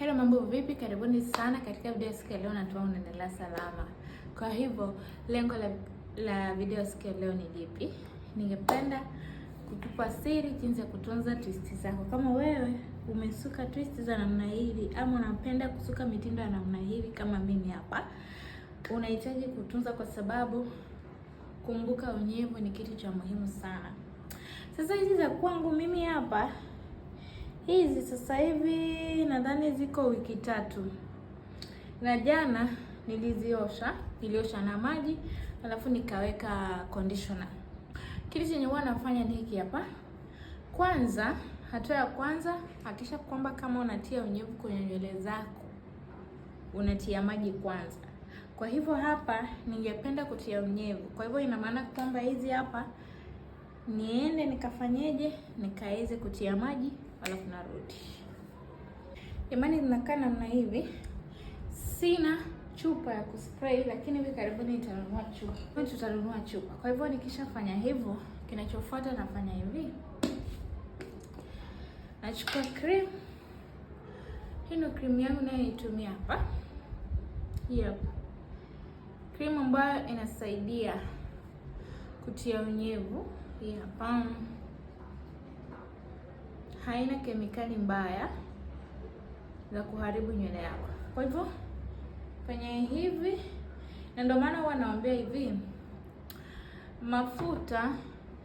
Hello, mambo vipi? Karibuni sana katika video siku ya leo, natua unaendelea salama. Kwa hivyo lengo la, la video siku ya leo ni lipi? Ningependa kutupa siri jinsi ya kutunza twist zako. Kama wewe umesuka twist za namna hili ama unapenda kusuka mitindo ya namna hili kama mimi hapa, unahitaji kutunza kwa sababu kumbuka, unyevu ni kitu cha muhimu sana. Sasa hizi za kwangu mimi hapa Hizi sasa hivi nadhani ziko wiki tatu, na jana niliziosha, niliosha na maji alafu nikaweka conditioner. Kitu chenye huwa nafanya ni hiki hapa. Kwanza, hatua ya kwanza, hakikisha kwamba kama unatia unyevu kwenye nywele zako unatia maji kwanza. Kwa hivyo hapa ningependa kutia unyevu, kwa hivyo ina maana kwamba hizi hapa niende nikafanyeje, nikaweze kutia maji alafu narudi. Jamani, zinakaa namna hivi. Sina chupa ya kuspray, lakini hivi karibuni nitanunua chupa, tutanunua chupa. Kwa hivyo nikishafanya hivyo, kinachofuata nafanya hivi, nachukua cream hii, ndio cream yangu nayo hapa. Yep, cream ambayo inasaidia kutia unyevu hii hapa haina kemikali mbaya za kuharibu nywele yako. Kwa hivyo kwenye hivi, na ndio maana huwa naambia hivi, mafuta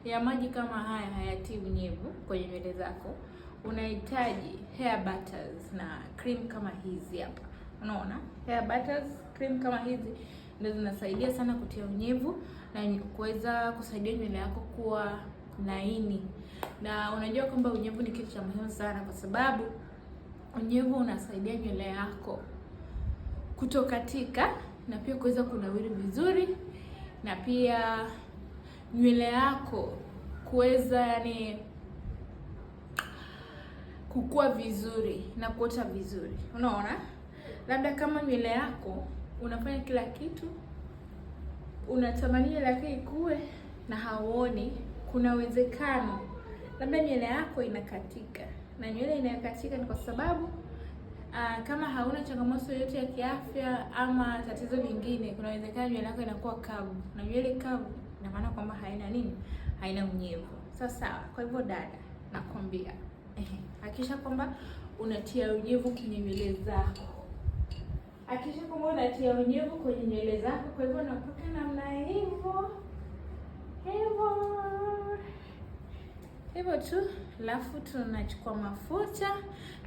ya maji kama haya hayatii unyevu kwenye nywele zako. Unahitaji hair butters na cream kama hizi hapa, unaona hair butters, cream kama hizi ndio zinasaidia sana kutia unyevu na kuweza kusaidia nywele yako kuwa laini, na unajua kwamba unyevu ni kitu cha muhimu sana, kwa sababu unyevu unasaidia nywele yako kutokatika na pia kuweza kunawiri vizuri, na pia nywele yako kuweza yani kukua vizuri na kuota vizuri. Unaona, labda kama nywele yako unafanya kila kitu unatamani, lakini ikue na hauoni kuna uwezekano labda nywele yako inakatika, na nywele inayokatika ni kwa sababu uh, kama hauna changamoto yoyote ya kiafya ama tatizo lingine, kuna uwezekano nywele yako inakuwa kavu, na nywele kavu ina maana kwamba haina nini, haina unyevu. Sawa sawa. Kwa hivyo dada, nakwambia hakikisha kwamba unatia unyevu kwenye nywele zako, akisha kwamba unatia unyevu kwenye nywele zako. Kwa hivyo nakuta namna hivyo hivyo hivyo tu, alafu tunachukua mafuta.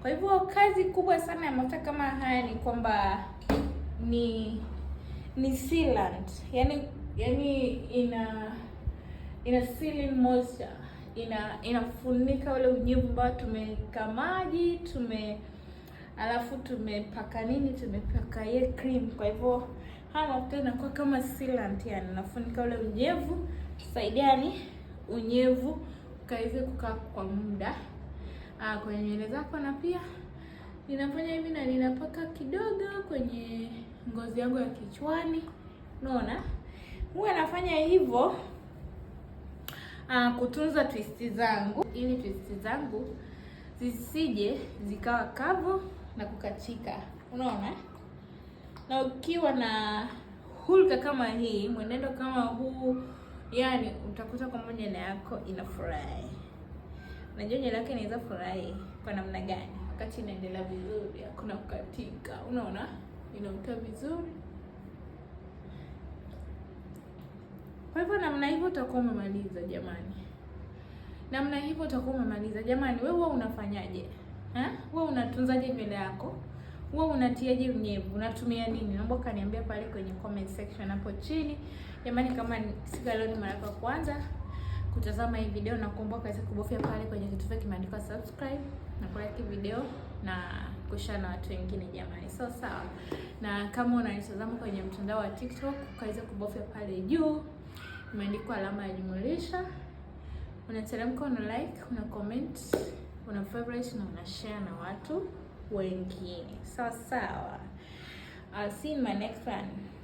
Kwa hivyo kazi kubwa sana ya mafuta kama haya ni kwamba ni ni sealant, yani yani ina ina sealing moisture, ina inafunika ule unyevu ambao tumeka maji tume alafu tumepaka nini, tumepaka ye cream. Kwa hivyo haya mafuta inakuwa kama sealant, yani nafunika ule unyevu saidiani unyevu kaweze kukaa kwa muda aa, ah, kwenye nywele zako, na pia ninafanya hivi na ninapaka kidogo kwenye ngozi yangu ya kichwani. Unaona, huwa nafanya hivyo ah, kutunza twisti zangu ili twisti zangu zisije zikawa kavu na kukachika. Unaona, na ukiwa na hulka kama hii, mwenendo kama huu yani utakuta kwamba nywele yako inafurahi. najua nywele yako inaweza furahi kwa namna gani? Wakati inaendelea vizuri, hakuna kukatika, unaona inaota vizuri. Kwa hivyo namna hivyo utakuwa umemaliza jamani, namna hivyo utakuwa umemaliza jamani. Wewe huwa unafanyaje? Wewe unatunzaje nywele yako? huwa unatiaje unyevu? Unatumia nini? Naomba kaniambia pale kwenye comment section hapo chini. Jamani, kama siku leo ni mara ya kwanza kutazama hii video, nakuomba kaweza kubofya pale kwenye kitufe kimeandikwa subscribe na kulike video na kushare na watu wengine jamani, so sawa. Na kama unanitazama kwenye mtandao wa TikTok, ukaweza kubofya pale juu imeandikwa alama ya jumulisha, unateremka, una like, una comment, una favorite na una share na watu wengine sawa sawa. I'll ah, see you in my next one.